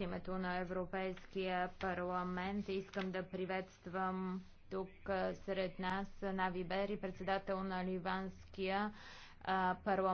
името на Европейския парламент искам да приветствам тук сред нас Нави Бери, председател на Ливанския парламент.